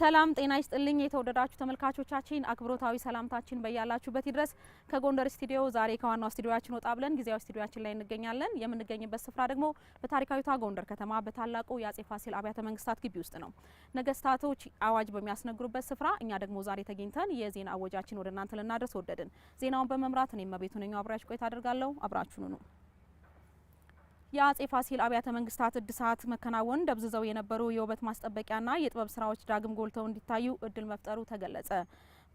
ሰላም ጤና ይስጥልኝ የተወደዳችሁ ተመልካቾቻችን፣ አክብሮታዊ ሰላምታችን በያላችሁበት ይድረስ። ከጎንደር ስቱዲዮ ዛሬ ከዋናው ስቱዲዮያችን ወጣ ብለን ጊዜያዊ ስቱዲዮያችን ላይ እንገኛለን። የምንገኝበት ስፍራ ደግሞ በታሪካዊቷ ጎንደር ከተማ በታላቁ የአጼ ፋሲል አብያተ መንግስታት ግቢ ውስጥ ነው። ነገስታቶች አዋጅ በሚያስነግሩበት ስፍራ እኛ ደግሞ ዛሬ ተገኝተን የዜና አወጃችን ወደ እናንተ ልናደርስ ወደድን። ዜናውን በመምራት እኔ መቤቱ ነኛው አብራችሁ ቆይታ አደርጋለሁ። አብራችሁኑ ነው የአጼ ፋሲል አብያተ መንግስታት እድሳት መከናወን ደብዝዘው የነበሩ የውበት ማስጠበቂያና የጥበብ ስራዎች ዳግም ጎልተው እንዲታዩ እድል መፍጠሩ ተገለጸ።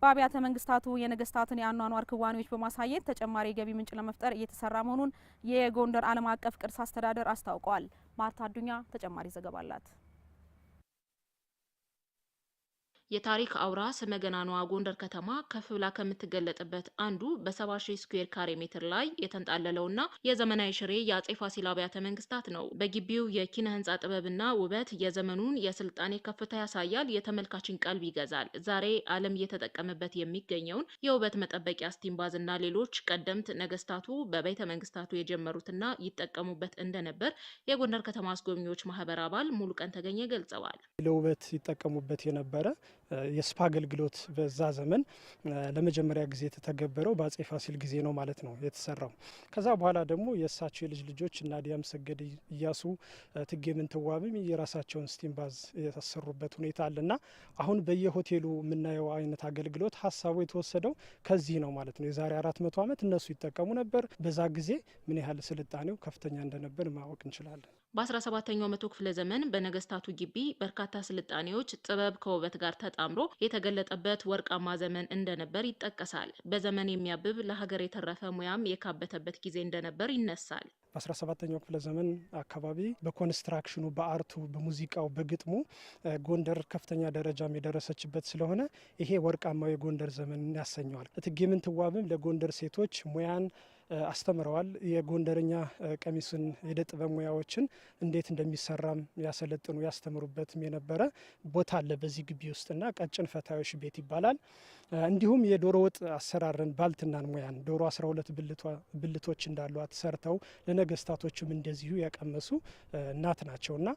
በአብያተ መንግስታቱ የነገስታትን የአኗኗር ክዋኔዎች በማሳየት ተጨማሪ የገቢ ምንጭ ለመፍጠር እየተሰራ መሆኑን የጎንደር ዓለም አቀፍ ቅርስ አስተዳደር አስታውቋል። ማርታ አዱኛ ተጨማሪ ዘገባ አላት። የታሪክ አውራ ስመገናኗ ጎንደር ከተማ ከፍ ብላ ከምትገለጥበት አንዱ በሰባ ሺህ ስኩዌር ካሬ ሜትር ላይ የተንጣለለውና የዘመናዊ ሽሬ የአጼ ፋሲል አብያተ መንግስታት ነው። በግቢው የኪነ ህንፃ ጥበብና ውበት የዘመኑን የስልጣኔ ከፍታ ያሳያል፣ የተመልካችን ቀልብ ይገዛል። ዛሬ ዓለም እየተጠቀመበት የሚገኘውን የውበት መጠበቂያ ስቲምባዝ እና ሌሎች ቀደምት ነገስታቱ በቤተ መንግስታቱ የጀመሩትና ይጠቀሙበት እንደነበር የጎንደር ከተማ አስጎብኚዎች ማህበር አባል ሙሉቀን ተገኘ ገልጸዋል። ለውበት ይጠቀሙበት የነበረ የስፓ አገልግሎት በዛ ዘመን ለመጀመሪያ ጊዜ የተተገበረው በአጼ ፋሲል ጊዜ ነው ማለት ነው የተሰራው። ከዛ በኋላ ደግሞ የእሳቸው የልጅ ልጆች እና ዲያም ሰገድ እያሱ ትጌ ምንትዋብም የራሳቸውን ስቲምባዝ የተሰሩበት ሁኔታ ሁኔታ ና አሁን በየሆቴሉ የምናየው አይነት አገልግሎት ሀሳቡ የተወሰደው ከዚህ ነው ማለት ነው። የዛሬ አራት መቶ ዓመት እነሱ ይጠቀሙ ነበር። በዛ ጊዜ ምን ያህል ስልጣኔው ከፍተኛ እንደነበር ማወቅ እንችላለን። በ17ኛው መቶ ክፍለ ዘመን በነገስታቱ ግቢ በርካታ ስልጣኔዎች ጥበብ ከውበት ጋር ተጣምሮ የተገለጠበት ወርቃማ ዘመን እንደነበር ይጠቀሳል። በዘመን የሚያብብ ለሀገር የተረፈ ሙያም የካበተበት ጊዜ እንደነበር ይነሳል። በ17ኛው ክፍለ ዘመን አካባቢ በኮንስትራክሽኑ፣ በአርቱ፣ በሙዚቃው፣ በግጥሙ ጎንደር ከፍተኛ ደረጃም የደረሰችበት ስለሆነ ይሄ ወርቃማው የጎንደር ዘመን ያሰኘዋል። እቴጌ ምንትዋብም ለጎንደር ሴቶች ሙያን አስተምረዋል። የጎንደርኛ ቀሚስን የእደ ጥበብ ሙያዎችን እንዴት እንደሚሰራም ያሰለጥኑ ያስተምሩበትም የነበረ ቦታ አለ በዚህ ግቢ ውስጥና ቀጭን ፈታዮች ቤት ይባላል። እንዲሁም የዶሮ ወጥ አሰራርን ባልትናን ሙያን ዶሮ 12 ብልቶች እንዳሏት ሰርተው ለነገስታቶችም እንደዚሁ ያቀመሱ እናት ናቸውና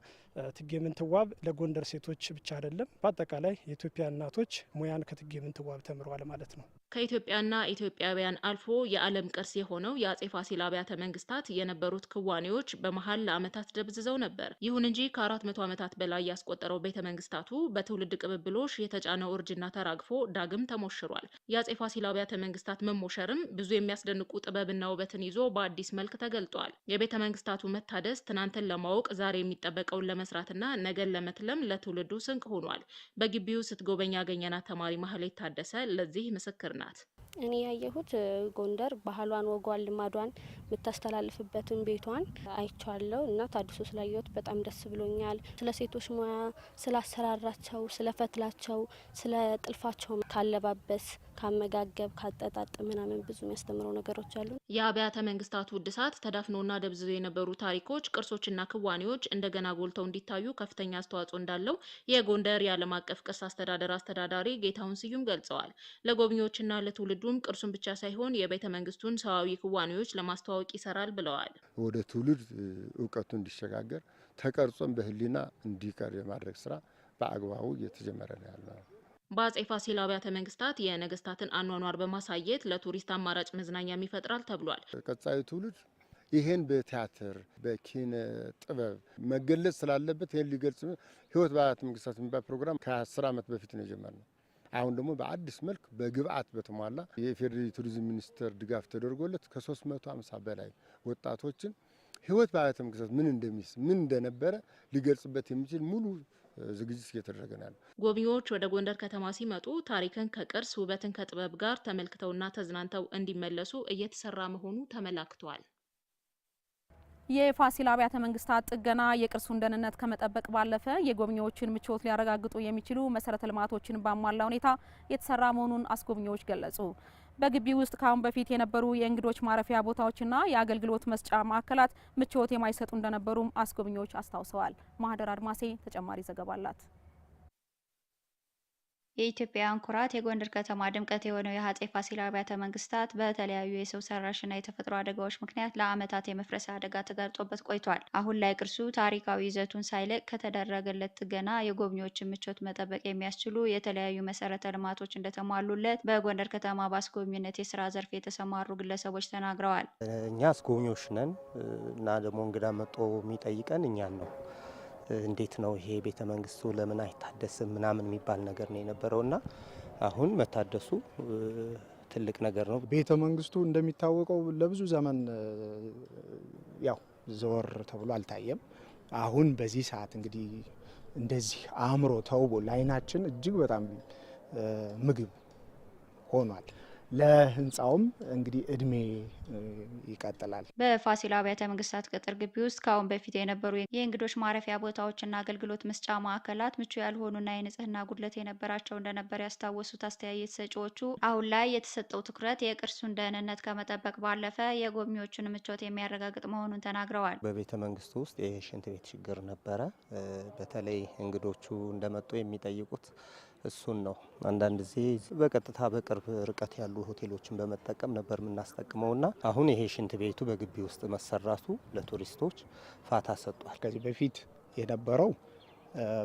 እቴጌ ምንትዋብ ለጎንደር ሴቶች ብቻ አይደለም፣ በአጠቃላይ የኢትዮጵያ እናቶች ሙያን ከእቴጌ ምንትዋብ ተምረዋል ማለት ነው። ከኢትዮጵያና ኢትዮጵያውያን አልፎ የዓለም ቅርስ የሆነው የአጼ ፋሲል አብያተ መንግስታት የነበሩት ክዋኔዎች በመሀል ለዓመታት ደብዝዘው ነበር። ይሁን እንጂ ከአራት መቶ ዓመታት በላይ ያስቆጠረው ቤተ መንግስታቱ በትውልድ ቅብብሎሽ የተጫነው እርጅና ተራግፎ ዳግም ተሞሽሯል። የአጼ ፋሲል አብያተ መንግስታት መሞሸርም ብዙ የሚያስደንቁ ጥበብና ውበትን ይዞ በአዲስ መልክ ተገልጧል። የቤተ መንግስታቱ መታደስ ትናንትን ለማወቅ ዛሬ የሚጠበቀውን ለመስራትና ነገን ለመትለም ለትውልዱ ስንቅ ሆኗል። በግቢው ስትጎበኝ ያገኘናት ተማሪ ማህሌት ታደሰ ለዚህ ምስክር ናት። እኔ ያየሁት ጎንደር ባህሏን፣ ወጓን፣ ልማዷን የምታስተላልፍበትን ቤቷን አይቸዋለሁ እና ታድሶ ስላየሁት በጣም ደስ ብሎኛል። ስለ ሴቶች ሙያ፣ ስለ አሰራራቸው፣ ስለ ፈትላቸው፣ ስለ ጥልፋቸው ካለባበስ ካመጋገብ፣ ካጠጣጥ ምናምን ብዙ የሚያስተምረው ነገሮች አሉ። የአብያተ መንግስታቱ እድሳት ተዳፍኖና ደብዝዞ የነበሩ ታሪኮች፣ ቅርሶችና ክዋኔዎች እንደገና ጎልተው እንዲታዩ ከፍተኛ አስተዋጽኦ እንዳለው የጎንደር የዓለም አቀፍ ቅርስ አስተዳደር አስተዳዳሪ ጌታሁን ስዩም ገልጸዋል። ለጎብኚዎችና ለትውልዱም ቅርሱን ብቻ ሳይሆን የቤተ መንግስቱን ሰዋዊ ክዋኔዎች ለማስተዋወቅ ይሰራል ብለዋል። ወደ ትውልድ እውቀቱ እንዲሸጋገር ተቀርጾም በህሊና እንዲቀር የማድረግ ስራ በአግባቡ እየተጀመረ ነው ያለው። በአጼ ፋሲል አብያተ መንግስታት የነገስታትን አኗኗር በማሳየት ለቱሪስት አማራጭ መዝናኛም ይፈጥራል ተብሏል። ቀጣዩ ትውልድ ይሄን በቲያትር በኪነ ጥበብ መገለጽ ስላለበት ይህን ሊገልጽ ህይወት በአብያተ መንግስታት የሚባል ፕሮግራም ከአስር ዓመት በፊት ነው የጀመርነው። አሁን ደግሞ በአዲስ መልክ በግብአት በተሟላ የኢፌዴሪ ቱሪዝም ሚኒስቴር ድጋፍ ተደርጎለት ከ350 በላይ ወጣቶችን ህይወት በአብያተ መንግስታት ምን እንደሚስ ምን እንደነበረ ሊገልጽበት የሚችል ሙሉ ዝግጅት እየተደረገ ነው ያለው። ጎብኚዎች ወደ ጎንደር ከተማ ሲመጡ ታሪክን ከቅርስ ውበትን ከጥበብ ጋር ተመልክተውና ተዝናንተው እንዲመለሱ እየተሰራ መሆኑ ተመላክቷል። የፋሲል አብያተ መንግስታት ጥገና የቅርሱን ደህንነት ከመጠበቅ ባለፈ የጎብኚዎችን ምቾት ሊያረጋግጡ የሚችሉ መሰረተ ልማቶችን ባሟላ ሁኔታ የተሰራ መሆኑን አስጎብኚዎች ገለጹ። በግቢ ውስጥ ከአሁን በፊት የነበሩ የእንግዶች ማረፊያ ቦታዎችና የአገልግሎት መስጫ ማዕከላት ምቾት የማይሰጡ እንደነበሩም አስጎብኚዎች አስታውሰዋል። ማህደር አድማሴ ተጨማሪ ዘገባ አላት። የኢትዮጵያውያን ኩራት የጎንደር ከተማ ድምቀት የሆነው የአፄ ፋሲል አብያተ መንግስታት በተለያዩ የሰው ሰራሽና የተፈጥሮ አደጋዎች ምክንያት ለዓመታት የመፍረስ አደጋ ተጋርጦበት ቆይቷል። አሁን ላይ ቅርሱ ታሪካዊ ይዘቱን ሳይለቅ ከተደረገለት ጥገና የጎብኚዎችን ምቾት መጠበቅ የሚያስችሉ የተለያዩ መሰረተ ልማቶች እንደተሟሉለት በጎንደር ከተማ በአስጎብኝነት የስራ ዘርፍ የተሰማሩ ግለሰቦች ተናግረዋል። እኛ አስጎብኚዎች ነን እና ደግሞ እንግዳ መጦ የሚጠይቀን እኛን ነው እንዴት ነው ይሄ ቤተ መንግስቱ ለምን አይታደስም ምናምን የሚባል ነገር ነው የነበረው እና አሁን መታደሱ ትልቅ ነገር ነው። ቤተ መንግስቱ እንደሚታወቀው ለብዙ ዘመን ያው ዘወር ተብሎ አልታየም። አሁን በዚህ ሰዓት እንግዲህ እንደዚህ አእምሮ ተውቦ ለአይናችን እጅግ በጣም ምግብ ሆኗል። ለህንፃውም እንግዲህ እድሜ ይቀጥላል። በፋሲል አብያተ መንግስታት ቅጥር ግቢ ውስጥ ከአሁን በፊት የነበሩ የእንግዶች ማረፊያ ቦታዎችና አገልግሎት መስጫ ማዕከላት ምቹ ያልሆኑና የንጽህና ጉድለት የነበራቸው እንደነበር ያስታወሱት አስተያየት ሰጪዎቹ አሁን ላይ የተሰጠው ትኩረት የቅርሱን ደህንነት ከመጠበቅ ባለፈ የጎብኚዎቹን ምቾት የሚያረጋግጥ መሆኑን ተናግረዋል። በቤተ መንግስቱ ውስጥ የሽንት ቤት ችግር ነበረ። በተለይ እንግዶቹ እንደመጡ የሚጠይቁት እሱን ነው። አንዳንድ ጊዜ በቀጥታ በቅርብ ርቀት ያሉ ሆቴሎችን በመጠቀም ነበር ና አሁን ይሄ ሽንት ቤቱ በግቢ ውስጥ መሰራቱ ለቱሪስቶች ፋታ ሰጥቷል። ከዚህ በፊት የነበረው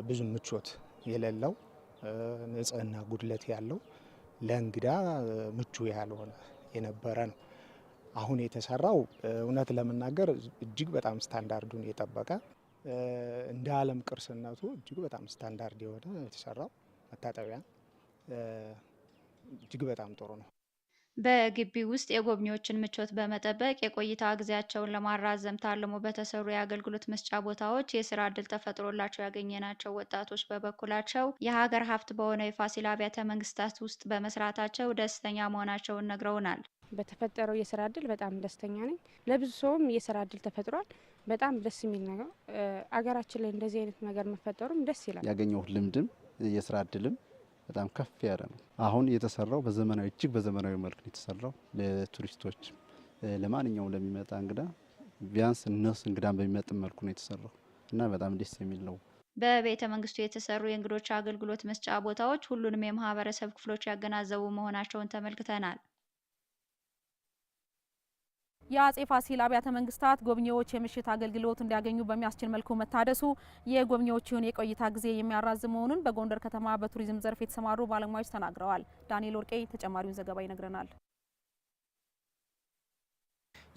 ብዙ ምቾት የሌለው ንጽህና ጉድለት ያለው ለእንግዳ ምቹ ያልሆነ የነበረ ነው። አሁን የተሰራው እውነት ለመናገር እጅግ በጣም ስታንዳርዱን የጠበቀ እንደ ዓለም ቅርስነቱ እጅግ በጣም ስታንዳርድ የሆነ የተሰራው መታጠቢያ እጅግ በጣም ጥሩ ነው። በግቢ ውስጥ የጎብኚዎችን ምቾት በመጠበቅ የቆይታ ጊዜያቸውን ለማራዘም ታልሞ በተሰሩ የአገልግሎት መስጫ ቦታዎች የስራ እድል ተፈጥሮላቸው ያገኘናቸው ወጣቶች በበኩላቸው የሀገር ሀብት በሆነው የፋሲል አብያተ መንግስታት ውስጥ በመስራታቸው ደስተኛ መሆናቸውን ነግረውናል። በተፈጠረው የስራ እድል በጣም ደስተኛ ነኝ። ለብዙ ሰውም የስራ እድል ተፈጥሯል። በጣም ደስ የሚል ነገር አገራችን ላይ እንደዚህ አይነት ነገር መፈጠሩም ደስ ይላል። ያገኘው ልምድም የስራ እድልም በጣም ከፍ ያለ ነው። አሁን የተሰራው በዘመናዊ እጅግ በዘመናዊ መልክ ነው የተሰራው። ለቱሪስቶች ለማንኛውም ለሚመጣ እንግዳ ቢያንስ እነሱ እንግዳን በሚመጥን መልኩ ነው የተሰራው እና በጣም ደስ የሚል ነው። በቤተ መንግስቱ የተሰሩ የእንግዶች አገልግሎት መስጫ ቦታዎች ሁሉንም የማህበረሰብ ክፍሎች ያገናዘቡ መሆናቸውን ተመልክተናል። የአጼ ፋሲል አብያተ መንግስታት ጎብኚዎች የምሽት አገልግሎት እንዲያገኙ በሚያስችል መልኩ መታደሱ የጎብኚዎቹን የቆይታ ጊዜ የሚያራዝም መሆኑን በጎንደር ከተማ በቱሪዝም ዘርፍ የተሰማሩ ባለሙያዎች ተናግረዋል። ዳንኤል ወርቄ ተጨማሪውን ዘገባ ይነግረናል።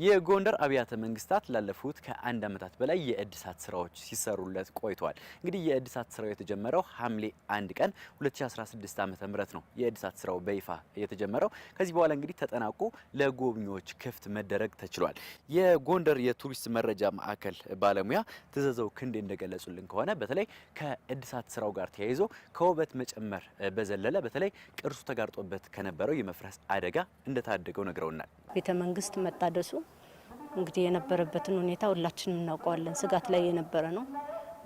የጎንደር አብያተ መንግስታት ላለፉት ከአንድ አመታት በላይ የእድሳት ስራዎች ሲሰሩለት ቆይቷል። እንግዲህ የእድሳት ስራው የተጀመረው ሐምሌ አንድ ቀን 2016 ምት ነው የእድሳት ስራው በይፋ የተጀመረው። ከዚህ በኋላ እንግዲህ ተጠናቆ ለጎብኚዎች ክፍት መደረግ ተችሏል። የጎንደር የቱሪስት መረጃ ማዕከል ባለሙያ ትዘዘው ክንዴ እንደገለጹልን ከሆነ በተለይ ከእድሳት ስራው ጋር ተያይዞ ከውበት መጨመር በዘለለ በተለይ ቅርሱ ተጋርጦበት ከነበረው የመፍረስ አደጋ እንደታደገው ነግረውናል። ቤተ መንግስት መጣደሱ እንግዲህ የነበረበትን ሁኔታ ሁላችንም እናውቀዋለን። ስጋት ላይ የነበረ ነው።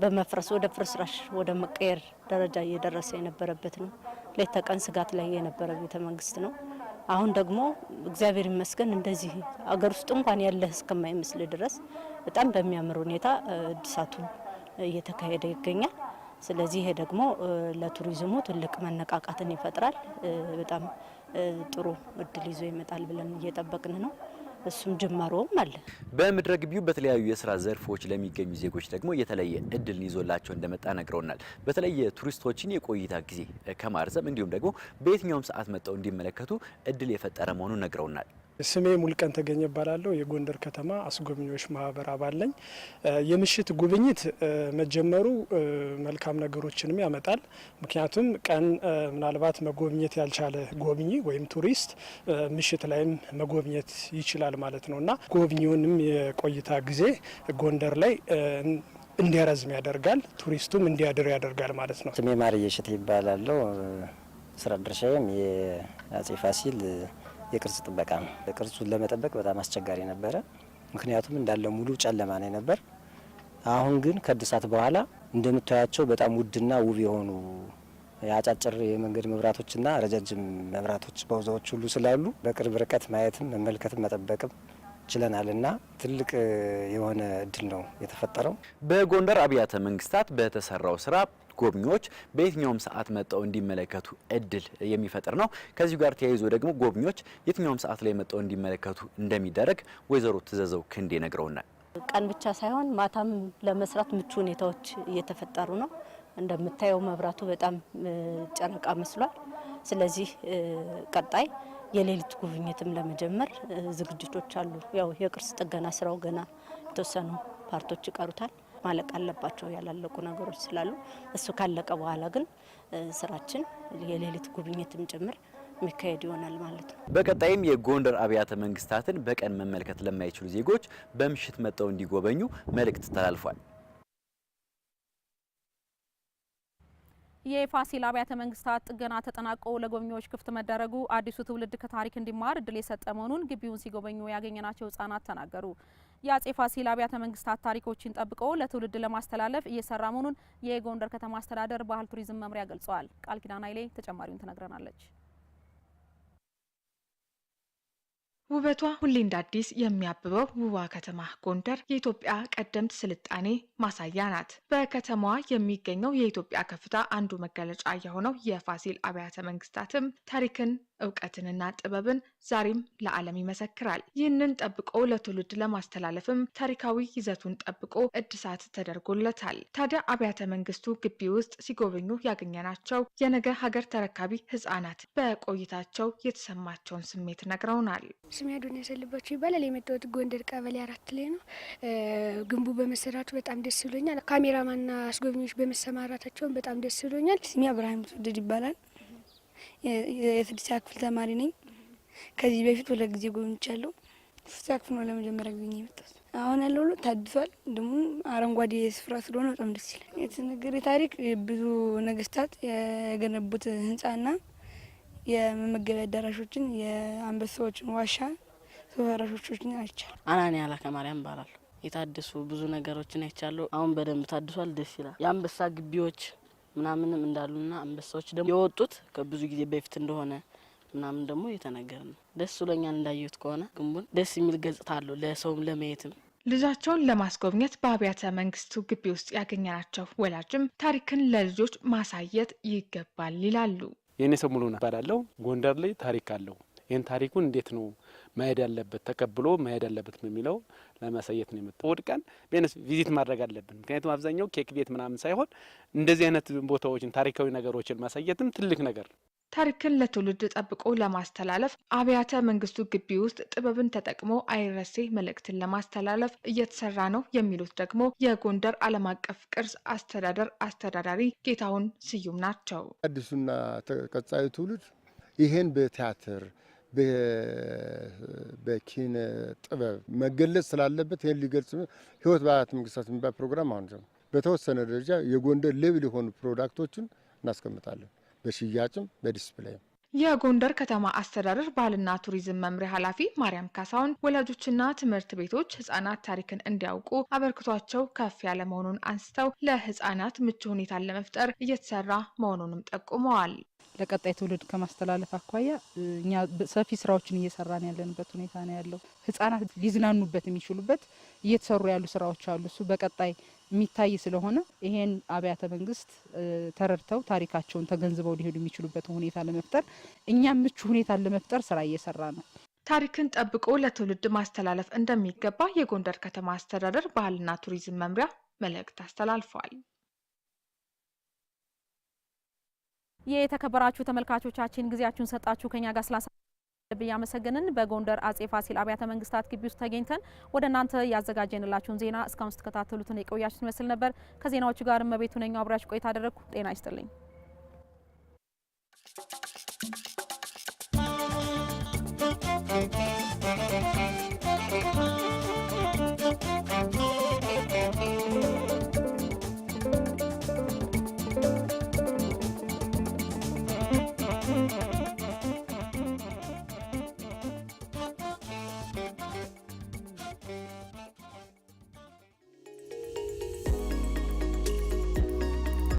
በመፍረስ ወደ ፍርስራሽ ወደ መቀየር ደረጃ እየደረሰ የነበረበት ነው። ሌት ተቀን ስጋት ላይ የነበረ ቤተ መንግስት ነው። አሁን ደግሞ እግዚአብሔር ይመስገን እንደዚህ አገር ውስጥ እንኳን ያለ እስከማይመስል ድረስ በጣም በሚያምር ሁኔታ እድሳቱ እየተካሄደ ይገኛል። ስለዚህ ይሄ ደግሞ ለቱሪዝሙ ትልቅ መነቃቃትን ይፈጥራል። በጣም ጥሩ እድል ይዞ ይመጣል ብለን እየጠበቅን ነው። እሱም ጅማሮም አለ። በምድረ ግቢው በተለያዩ የስራ ዘርፎች ለሚገኙ ዜጎች ደግሞ የተለየ እድል ይዞላቸው እንደመጣ ነግረውናል። በተለየ ቱሪስቶችን የቆይታ ጊዜ ከማርዘም እንዲሁም ደግሞ በየትኛውም ሰዓት መጥተው እንዲመለከቱ እድል የፈጠረ መሆኑን ነግረውናል። ስሜ ሙልቀን ተገኘ እባላለሁ። የጎንደር ከተማ አስጎብኚዎች ማህበር አባል ነኝ። የምሽት ጉብኝት መጀመሩ መልካም ነገሮችንም ያመጣል። ምክንያቱም ቀን ምናልባት መጎብኘት ያልቻለ ጎብኚ ወይም ቱሪስት ምሽት ላይም መጎብኘት ይችላል ማለት ነው እና ጎብኚውንም የቆይታ ጊዜ ጎንደር ላይ እንዲያረዝም ያደርጋል፣ ቱሪስቱም እንዲያድር ያደርጋል ማለት ነው። ስሜ ማርየሽት ይባላለሁ። ስራ ድርሻዬም የአጼ ፋሲል የቅርጽ ጥበቃ ነው። ቅርጹን ለመጠበቅ በጣም አስቸጋሪ ነበረ። ምክንያቱም እንዳለ ሙሉ ጨለማ ነው ነበር። አሁን ግን ከእድሳት በኋላ እንደምታያቸው በጣም ውድና ውብ የሆኑ የአጫጭር የመንገድ መብራቶችና ረጃጅም መብራቶች በውዛዎች ሁሉ ስላሉ በቅርብ ርቀት ማየትም መመልከትም መጠበቅም ችለናልና ትልቅ የሆነ እድል ነው የተፈጠረው። በጎንደር አብያተ መንግስታት በተሰራው ስራ ጎብኚዎች በየትኛውም ሰዓት መጥተው እንዲመለከቱ እድል የሚፈጥር ነው። ከዚሁ ጋር ተያይዞ ደግሞ ጎብኚዎች የትኛውም ሰዓት ላይ መጥተው እንዲመለከቱ እንደሚደረግ ወይዘሮ ትዘዘው ክንድ ነግረውናል። ቀን ብቻ ሳይሆን ማታም ለመስራት ምቹ ሁኔታዎች እየተፈጠሩ ነው። እንደምታየው መብራቱ በጣም ጨረቃ መስሏል። ስለዚህ ቀጣይ የሌሊት ጉብኝትም ለመጀመር ዝግጅቶች አሉ። ያው የቅርስ ጥገና ስራው ገና የተወሰኑ ፓርቶች ይቀሩታል። ማለቅ አለባቸው ያላለቁ ነገሮች ስላሉ እሱ ካለቀ በኋላ ግን ስራችን የሌሊት ጉብኝትም ጭምር የሚካሄድ ይሆናል ማለት ነው። በቀጣይም የጎንደር አብያተ መንግስታትን በቀን መመልከት ለማይችሉ ዜጎች በምሽት መጥተው እንዲጎበኙ መልእክት ተላልፏል። የፋሲል አብያተ መንግስታት ጥገና ተጠናቆ ለጎብኚዎች ክፍት መደረጉ አዲሱ ትውልድ ከታሪክ እንዲማር እድል የሰጠ መሆኑን ግቢውን ሲጎበኙ ያገኘናቸው ህጻናት ተናገሩ። የአጼ ፋሲል አብያተ መንግስታት ታሪኮችን ጠብቆ ለትውልድ ለማስተላለፍ እየሰራ መሆኑን የጎንደር ከተማ አስተዳደር ባህል ቱሪዝም መምሪያ ገልጸዋል። ቃል ኪዳን ኃይሌ ተጨማሪውን ትነግረናለች። ውበቷ ሁሌ እንደ አዲስ የሚያብበው ውቧ ከተማ ጎንደር የኢትዮጵያ ቀደምት ስልጣኔ ማሳያ ናት። በከተማዋ የሚገኘው የኢትዮጵያ ከፍታ አንዱ መገለጫ የሆነው የፋሲል አብያተ መንግስታትም ታሪክን እውቀትንና ጥበብን ዛሬም ለዓለም ይመሰክራል። ይህንን ጠብቆ ለትውልድ ለማስተላለፍም ታሪካዊ ይዘቱን ጠብቆ እድሳት ተደርጎለታል። ታዲያ አብያተ መንግስቱ ግቢ ውስጥ ሲጎበኙ ያገኘናቸው የነገ ሀገር ተረካቢ ህጻናት በቆይታቸው የተሰማቸውን ስሜት ነግረውናል። ስሜ አዶንያስ ያሰልባቸው ይባላል። የመጣሁት ጎንደር ቀበሌ አራት ላይ ነው። ግንቡ በመሰራቱ በጣም ደስ ብሎኛል። ካሜራማንና አስጎብኚዎች በመሰማራታቸውን በጣም ደስ ብሎኛል። ስሜ አብርሃም ትውልድ ይባላል። የስድስተኛ ክፍል ተማሪ ነኝ። ከዚህ በፊት ሁለት ጊዜ ጎብኝቻለሁ። ስድስተኛ ክፍል ነው ለመጀመሪያ ጊዜ የመጣሁት። አሁን ያለው ሁሉ ታድሷል። ደግሞ አረንጓዴ ስፍራ ስለሆነ በጣም ደስ ይላል። የተነገረ ታሪክ ብዙ ነገስታት የገነቡት ህንጻና የመመገቢያ አዳራሾችን፣ የአንበሳዎችን ዋሻ፣ ሰው ሰራሾችን አይቻል። አናንያ ላከ እባላለሁ። የታደሱ ብዙ ነገሮችን አይቻለሁ። አሁን በደንብ ታድሷል፣ ደስ ይላል። የአንበሳ ግቢዎች ምናምንም እንዳሉና አንበሳዎች ደግሞ የወጡት ከብዙ ጊዜ በፊት እንደሆነ ምናምን ደግሞ የተነገር ነው። ደስ ብሎኛል እንዳየሁት ከሆነ ግንቡን ደስ የሚል ገጽታ አለው ለሰውም ለማየትም። ልጃቸውን ለማስጎብኘት በአብያተ መንግስቱ ግቢ ውስጥ ያገኘናቸው ወላጅም ታሪክን ለልጆች ማሳየት ይገባል ይላሉ። የእኔ ሰው ሙሉ እባላለሁ። ጎንደር ላይ ታሪክ አለው። ይህን ታሪኩን እንዴት ነው መሄድ ያለበት ተቀብሎ መሄድ ያለበት የሚለው ለማሳየት ነው የመጣው። እሑድ ቀን ቤነስ ቪዚት ማድረግ አለብን። ምክንያቱም አብዛኛው ኬክ ቤት ምናምን ሳይሆን እንደዚህ አይነት ቦታዎችን ታሪካዊ ነገሮችን ማሳየትም ትልቅ ነገር ነው። ታሪክን ለትውልድ ጠብቆ ለማስተላለፍ አብያተ መንግስቱ ግቢ ውስጥ ጥበብን ተጠቅሞ አይረሴ መልእክትን ለማስተላለፍ እየተሰራ ነው የሚሉት ደግሞ የጎንደር ዓለም አቀፍ ቅርስ አስተዳደር አስተዳዳሪ ጌታሁን ስዩም ናቸው። አዲሱና ቀጣዩ ትውልድ ይሄን በቲያትር በኪነ ጥበብ መገለጽ ስላለበት ይህን ሊገልጽ ህይወት በአያት መንግስታት የሚባል ፕሮግራም አሁን በተወሰነ ደረጃ የጎንደር ሌብል የሆኑ ፕሮዳክቶችን እናስቀምጣለን በሽያጭም በዲስፕላይም። የጎንደር ከተማ አስተዳደር ባህልና ቱሪዝም መምሪያ ኃላፊ ማርያም ካሳሁን ወላጆችና ትምህርት ቤቶች ህጻናት ታሪክን እንዲያውቁ አበርክቷቸው ከፍ ያለ መሆኑን አንስተው ለህጻናት ምቹ ሁኔታን ለመፍጠር እየተሰራ መሆኑንም ጠቁመዋል። ለቀጣይ ትውልድ ከማስተላለፍ አኳያ እኛ ሰፊ ስራዎችን እየሰራን ያለንበት ሁኔታ ነው ያለው። ህጻናት ሊዝናኑበት የሚችሉበት እየተሰሩ ያሉ ስራዎች አሉ። እሱ በቀጣይ የሚታይ ስለሆነ ይሄን አብያተ መንግስት ተረድተው ታሪካቸውን ተገንዝበው ሊሄዱ የሚችሉበትን ሁኔታ ለመፍጠር እኛም ምቹ ሁኔታን ለመፍጠር ስራ እየሰራ ነው። ታሪክን ጠብቆ ለትውልድ ማስተላለፍ እንደሚገባ የጎንደር ከተማ አስተዳደር ባህልና ቱሪዝም መምሪያ መልእክት አስተላልፏል። የተከበራችሁ ተመልካቾቻችን ጊዜያችሁን ሰጣችሁ ከኛ ጋር ስላሳ ልብ እያመሰገንን በጎንደር አጼ ፋሲል አብያተ መንግስታት ግቢ ውስጥ ተገኝተን ወደ እናንተ ያዘጋጀንላችሁን ዜና እስካሁን ስትከታተሉትን የቆያችሁት ይመስል ነበር። ከዜናዎቹ ጋር እመቤቱ ነኛው አብራችሁ ቆይታ አደረግኩ። ጤና ይስጥልኝ።